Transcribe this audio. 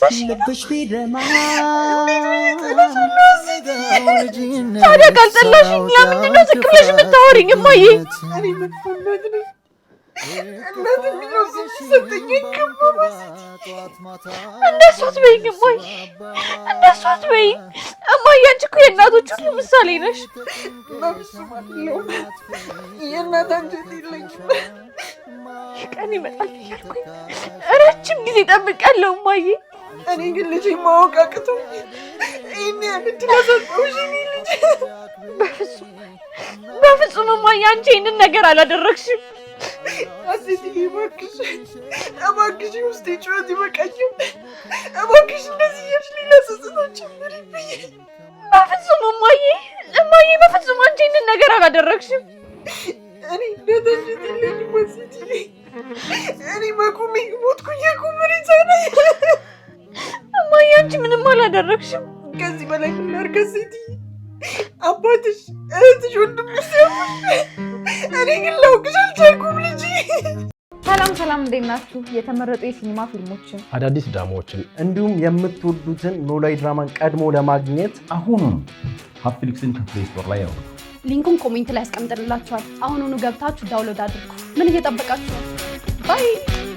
ታዲያ ካልጠላሽኝ ለምንድን ነው ዝቅ ብለሽ የምታወሪኝ? እማዬ እንደሱ አትበይኝ እማዬ፣ እንደሱ አትበይኝ እማዬ። አንቺ እኮ የእናቶች ሁሉ ምሳሌ ነሽ። የእናት አንጀት የለኝም። ቀን ይመጣል እያልኩኝ ረጅም ጊዜ ጠብቄያለሁ እማዬ እኔ ግን ልጅ ማወቅ አቅቶ ይህን ያምድ ለሰጠውሽ ልጅ በፍጹም በፍጹም እማዬ፣ አንቺ ይህንን ነገር አላደረግሽም። አሴትዬ እባክሽ እባክሽ፣ ውስጤ ጩኸት ይበቃኝም። እባክሽ እንደዚህ እያልሽ ሌላ ስስቶች ምሪ በፍጹም እማዬ፣ እማዬ፣ በፍጹም አንቺ ይህንን ነገር አላደረግሽም። እኔ እንደተሽትልኝ ወስጅ እኔ በቁሜ ሞትኩኝ። የቁምሪ ሰነ አንቺ ምንም አላደረግሽም። ከዚህ በላይ ምናርገ ሴት አባትሽ፣ እህትሽ፣ ወንድምሽ ሲያምሽ እኔ ግን ላውቅሽ አልቻልኩም ልጅ። ሰላም ሰላም፣ እንዴት ናችሁ? የተመረጡ የሲኒማ ፊልሞችን፣ አዳዲስ ድራማዎችን እንዲሁም የምትወዱትን ኖላዊ ድራማን ቀድሞ ለማግኘት አሁኑም ሀፕፊሊክስን ከፕሌይ ስቶር ላይ ያው ሊንኩን ኮሜንት ላይ ያስቀምጥልላችኋል። አሁኑኑ ገብታችሁ ዳውንሎድ አድርጉ። ምን እየጠበቃችሁ ነው? ባይ